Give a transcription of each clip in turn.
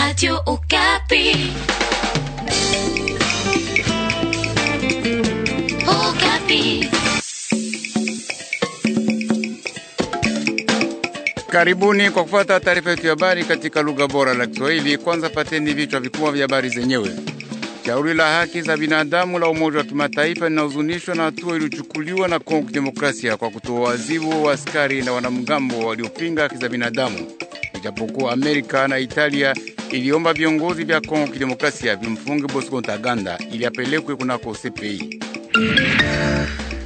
Radio Okapi. Okapi. Karibuni kwa kufuata taarifa yetu ya habari katika lugha bora la Kiswahili. Kwanza pateni vichwa vikubwa vya habari zenyewe. Shauri la haki za binadamu la Umoja wa Kimataifa linahuzunishwa na hatua iliyochukuliwa na Kongo Kidemokrasia kwa kutoa wazibu wa askari na wanamgambo waliopinga haki za binadamu. Ijapokuwa Amerika na Italia iliomba viongozi vya Kongo Kidemokrasia vimfunge Bosco Ntaganda ili apelekwe kunako CPI.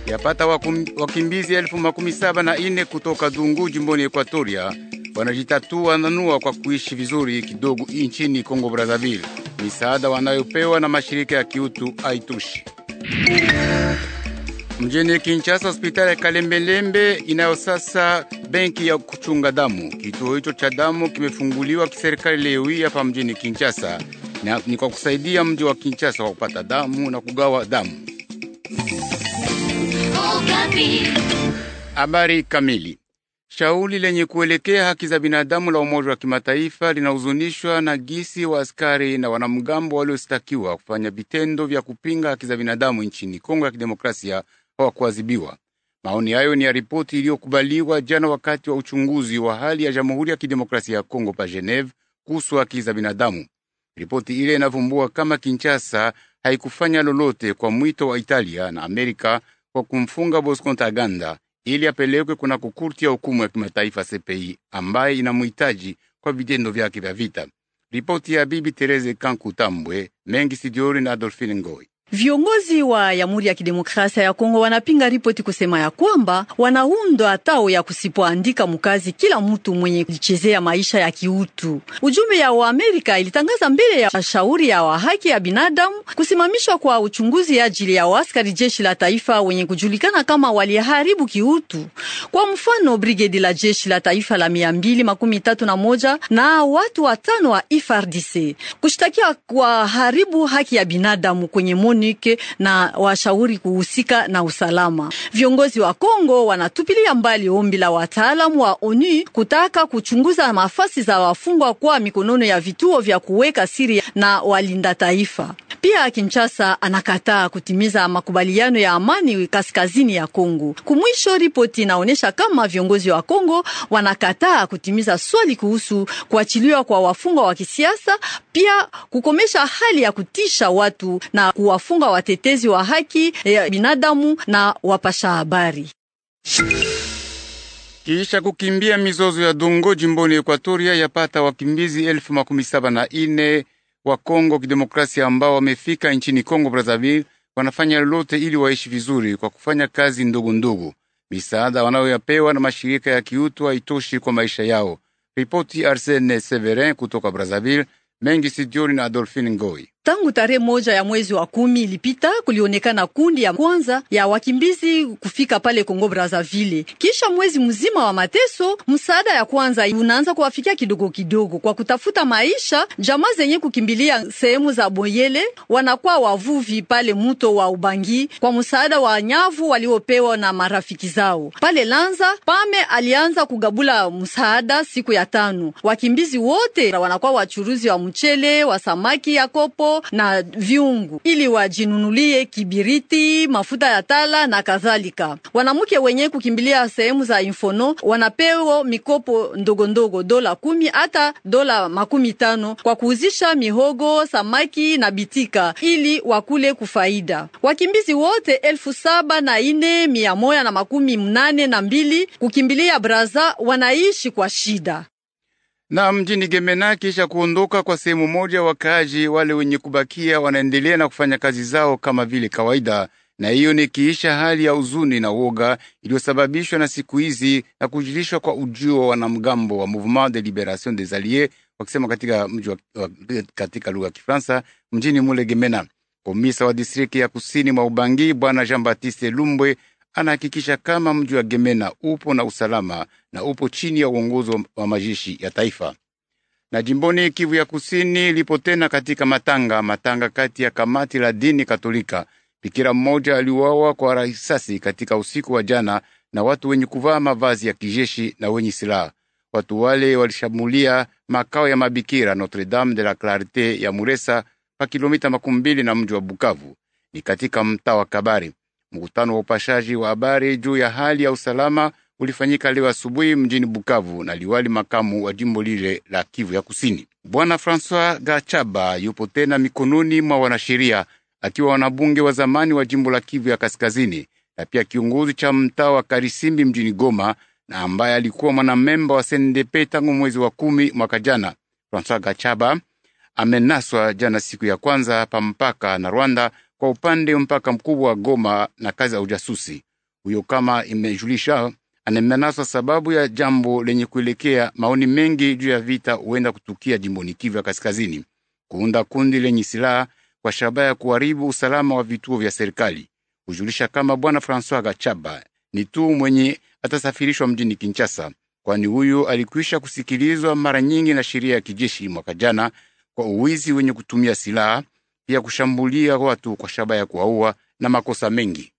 Yapata wakimbizi elfu makumi saba na ine kutoka Dungu jimboni Ekwatoria wanajitatua nanua kwa kuishi vizuri kidogo nchini Kongo Brazzaville. Misaada wanayopewa na mashirika ya kiutu aitushi Mjini Kinshasa, hospitali ya Kalembelembe inayo sasa benki ya kuchunga damu. Kituo hicho cha damu kimefunguliwa kiserikali leo hii hapa mjini Kinshasa, na ni kwa kusaidia mji wa Kinshasa kwa kupata damu na kugawa damu. Habari kamili. Shauli lenye kuelekea haki za binadamu la Umoja wa Kimataifa linahuzunishwa na gisi wa askari na wanamgambo waliostakiwa kufanya vitendo vya kupinga haki za binadamu nchini Kongo ya Kidemokrasia hawakuadhibiwa. Maoni hayo ni ya ripoti iliyokubaliwa jana wakati wa uchunguzi wa hali ya Jamhuri ya Kidemokrasia ya Kongo pa Geneve kuhusu haki za binadamu. Ripoti ile inavumbua kama Kinshasa haikufanya lolote kwa mwito wa Italia na Amerika kwa kumfunga Bosco Ntaganda ili apelekwe kuna kukurti ya hukumu ya kimataifa CPI ambaye inamhitaji kwa vitendo vyake vya vita. Ripoti ya Bibi Tereze Kankutambwe mengi sidiori na Adolfine Ngoi. Viongozi wa Jamhuri ya Kidemokrasia ya Kongo wanapinga ripoti kusema ya kwamba wanaundwa tao ya kusipoandika mkazi kila mtu mwenye kuchezea maisha ya kiutu. Ujumbe ya Waamerika ilitangaza mbele ya shauri ya haki ya binadamu kusimamishwa kwa uchunguzi ajili ya waskari jeshi la taifa wenye kujulikana kama waliharibu kiutu, kwa mfano brigedi la jeshi la taifa la mia mbili makumi tatu na moja na watu watano wa FARDC kushtakiwa kwa haribu haki ya binadamu kwenye MONUC na washauri kuhusika na usalama. Viongozi wa Kongo wanatupilia mbali ombi la wataalamu wa ONU kutaka kuchunguza nafasi za wafungwa kwa mikononi ya vituo vya kuweka siri na walinda taifa. Pia Kinshasa anakataa kutimiza makubaliano ya amani kaskazini ya Kongo. Kumwisho, ripoti inaonyesha kama viongozi wa Kongo wanakataa kutimiza swali kuhusu kuachiliwa kwa wafungwa wa kisiasa, pia kukomesha hali ya kutisha watu na kuwafunga watetezi wa haki ya binadamu na wapasha habari. Kisha kukimbia mizozo ya Dongo jimboni ekuatoria yapata wakimbizi elfu makumi saba na ine wa Kongo Kidemokrasia ambao wamefika nchini Kongo Brazzaville wanafanya lolote ili waishi vizuri kwa kufanya kazi ndogo ndogo. Misaada wanayoyapewa na mashirika ya kiutu haitoshi kwa maisha yao. Ripoti Arsene Severin kutoka Brazzaville, mengi studioni na Adolphine Ngoi. Tangu tarehe moja ya mwezi wa kumi ilipita kulionekana kundi ya kwanza ya wakimbizi kufika pale Kongo Brazzaville. Kisha mwezi mzima wa mateso, msaada ya kwanza unaanza kuwafikia kidogo kidogo kwa kutafuta maisha. Jamaa zenye kukimbilia sehemu za Boyele wanakuwa wavuvi pale mto wa Ubangi kwa msaada wa nyavu waliopewa na marafiki zao. Pale Lanza Pame alianza kugabula msaada siku ya tano. Wakimbizi wote wanakuwa wachuruzi wa mchele, wa samaki ya kopo na viungu ili wajinunulie kibiriti, mafuta ya tala na kadhalika. Wanamke wenye kukimbilia sehemu za infono wanapewa mikopo ndogondogo dola kumi hata dola makumi tano kwa kuuzisha mihogo, samaki na bitika ili wakule kufaida. Wakimbizi wote elfu saba na ine mia moja na makumi mnane na mbili kukimbilia Braza wanaishi kwa shida na mjini Gemena. Kisha kuondoka kwa sehemu moja, wakaaji wale wenye kubakia wanaendelea na kufanya kazi zao kama vile kawaida, na hiyo ni kiisha hali ya huzuni na woga iliyosababishwa na siku hizi na kujilishwa kwa ujio wa wanamgambo wa Mouvement de Liberation des Alliés, wakisema katika mji katika lugha ya Kifaransa mjini mule Gemena. Komisa wa distrikti ya kusini mwa Ubangi Bwana Jean Baptiste Lumbwe anahakikisha kama mji wa Gemena upo na usalama na upo chini ya uongozi wa majeshi ya taifa. Na jimboni Kivu ya Kusini lipo tena katika matanga matanga kati ya kamati la dini Katolika, bikira mmoja aliuawa kwa risasi katika usiku wa jana na watu wenye kuvaa mavazi ya kijeshi na wenye silaha. Watu wale walishambulia makao ya mabikira Notre Dame de la Clarite ya Muresa pa kilomita makumi mbili na mji wa Bukavu, ni katika mtaa wa Kabare. Mkutano wa upashaji wa habari juu ya hali ya usalama ulifanyika leo asubuhi mjini Bukavu na liwali makamu wa jimbo lile la Kivu ya Kusini. Bwana Francois Gachaba yupo tena mikononi mwa wanasheria akiwa wanabunge wa zamani wa jimbo la Kivu ya Kaskazini na pia kiongozi cha mtaa wa Karisimbi mjini Goma na ambaye alikuwa mwanamemba wa sendepe tangu mwezi wa kumi mwaka jana. Francois Gachaba amenaswa jana siku ya kwanza pa mpaka na Rwanda kwa upande mpaka mkubwa wa Goma na kazi ya ujasusi huyo, kama imejulisha anamenaswa sababu ya jambo lenye kuelekea maoni mengi juu ya vita huenda kutukia jimboni Kivu ya Kaskazini, kuunda kundi lenye silaha kwa shabaha ya kuharibu usalama wa vituo vya serikali. Hujulisha kama bwana Francois Gachaba ni tu mwenye atasafirishwa mjini Kinshasa, kwani huyu alikwisha kusikilizwa mara nyingi na sheria ya kijeshi mwaka jana kwa uwizi wenye kutumia silaha ya kushambulia watu kwa shaba ya kuwaua na makosa mengi.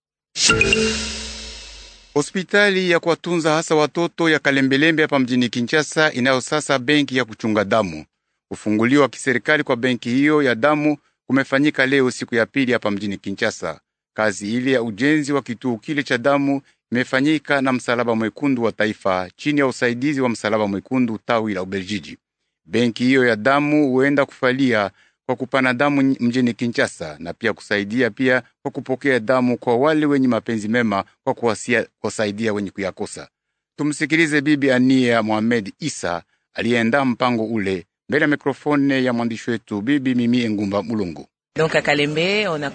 Hospitali ya kuwatunza hasa watoto ya Kalembelembe hapa mjini Kinshasa inayo sasa benki ya kuchunga damu. Kufunguliwa kiserikali kwa benki hiyo ya damu kumefanyika leo siku ya pili hapa mjini Kinshasa. Kazi ile ya ujenzi wa kituo kile cha damu imefanyika na Msalaba Mwekundu wa Taifa chini ya usaidizi wa Msalaba Mwekundu tawi la Ubelgiji. Benki hiyo ya damu huenda kufalia kwa kupana damu mjini Kinshasa na pia kusaidia pia kwa kupokea damu kwa wale wenye mapenzi mema kwa kuwasia, kuwasaidia wenye kuyakosa. Tumsikilize Bibi Ania Mohamed Isa aliyeandaa mpango ule mbele ya mikrofone ya mwandishi wetu Bibi Mimi Engumba Mulungu. Donc, Kalembe, on a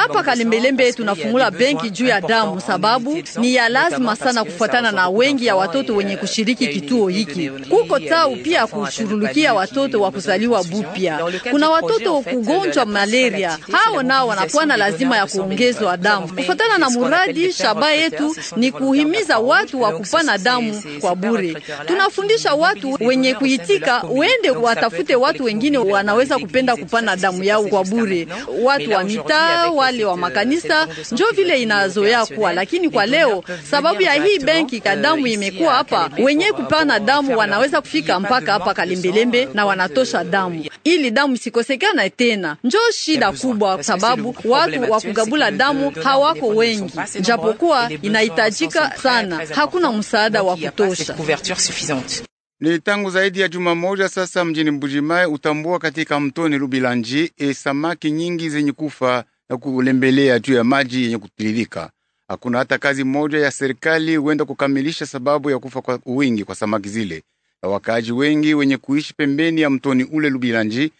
hapa Kalembelembe tunafungula benki juu ya damu, sababu ni ya lazima sana kufuatana na wengi ya watoto euh, wenye kushiriki kituo hiki. Kuko tau pia kushughulikia watoto wa kuzaliwa bupya. Kuna watoto kugonjwa euh, malaria, hao nao wanakuwa na lazima ya kuongezwa damu. Kufuatana na muradi shaba yetu ni kuhimiza watu wa kupana damu kwa bure. Tunafundisha watu wenye kuitika, wende watafute watu wengine wanaweza kupenda kupana damu yao kwa bure watu wa mitaa, wale wa euh, makanisa, njo vile inazoea kuwa. Lakini kwa leo, sababu ya hii benki kadamu euh, imekuwa hapa, wenye euh, kupana damu wanaweza kufika mpaka hapa Kalembelembe na wanatosha damu ili damu isikosekana tena. Njo shida kubwa, sababu watu wa kugabula damu hawako wengi, japokuwa inahitajika sana, hakuna msaada wa kutosha ni tangu zaidi ya juma moja sasa mjini Mbujimayi utambua katika mtoni Lubilanji e samaki nyingi zenye kufa na kulembelea juu ya maji yenye kutiririka. Hakuna hata kazi moja ya serikali huenda kukamilisha sababu ya kufa kwa wingi kwa samaki zile, na wakaaji wengi wenye kuishi pembeni ya mtoni ule Lubilanji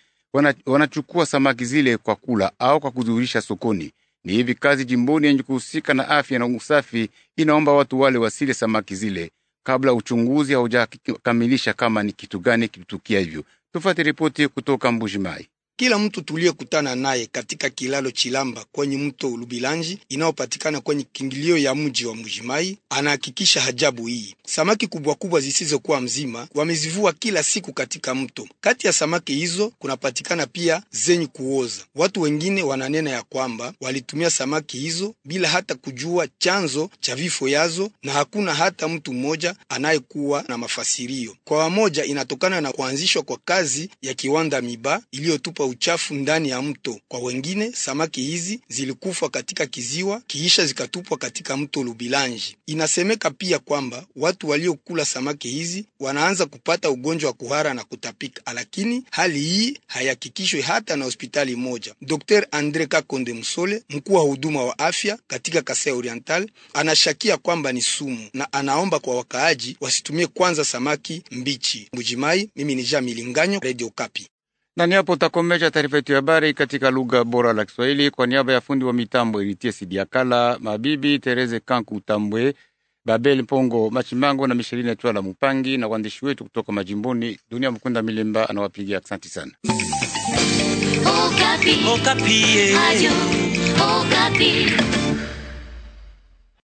wanachukua wana samaki zile kwa kula au kwa kuzurisha sokoni. Ni hivi kazi jimboni yenye kuhusika na afya na usafi inaomba watu wale wasile samaki zile kabla uchunguzi haujakamilisha kama ni kitu gani kilitukia hivyo. Tufate ripoti kutoka Mbujimai. Kila mtu tuliyekutana naye katika kilalo Chilamba kwenye mto Lubilanji inayopatikana kwenye kingilio ya mji wa Mujimai anahakikisha hajabu hii. Samaki kubwa kubwa zisizokuwa mzima wamezivua kila siku katika mto. Kati ya samaki hizo kunapatikana pia zenye kuoza. Watu wengine wananena ya kwamba walitumia samaki hizo bila hata kujua chanzo cha vifo yazo, na hakuna hata mtu mmoja anayekuwa na mafasirio. Kwa wamoja, inatokana na kuanzishwa kwa kazi ya kiwanda Miba iliyotupa kwa uchafu ndani ya mto. Kwa wengine, samaki hizi zilikufa katika kiziwa kiisha zikatupwa katika mto Lubilanji. Inasemeka pia kwamba watu waliokula samaki hizi wanaanza kupata ugonjwa wa kuhara na kutapika, lakini hali hii hayakikishwi hata na hospitali moja. Dr. Andre Kakonde Msole, mkuu wa huduma wa afya katika Kasai Oriental, anashakia kwamba ni sumu na anaomba kwa wakaaji wasitumie kwanza samaki mbichi. Mujimai, mimi ni Jamilinganyo, Milinganyo, Radio Kapi na niapo utakomesha taarifa yetu ya habari katika lugha bora la Kiswahili. Kwa niaba ya fundi wa mitambo eritie Sidiakala, mabibi Tereze Kanku Tambwe, Babel Mpongo Machimango na Mishelini ya Twala Mupangi, na waandishi wetu kutoka majimboni. Dunia Mkunda Milemba anawapigia asante sana. Okapi. Okapi.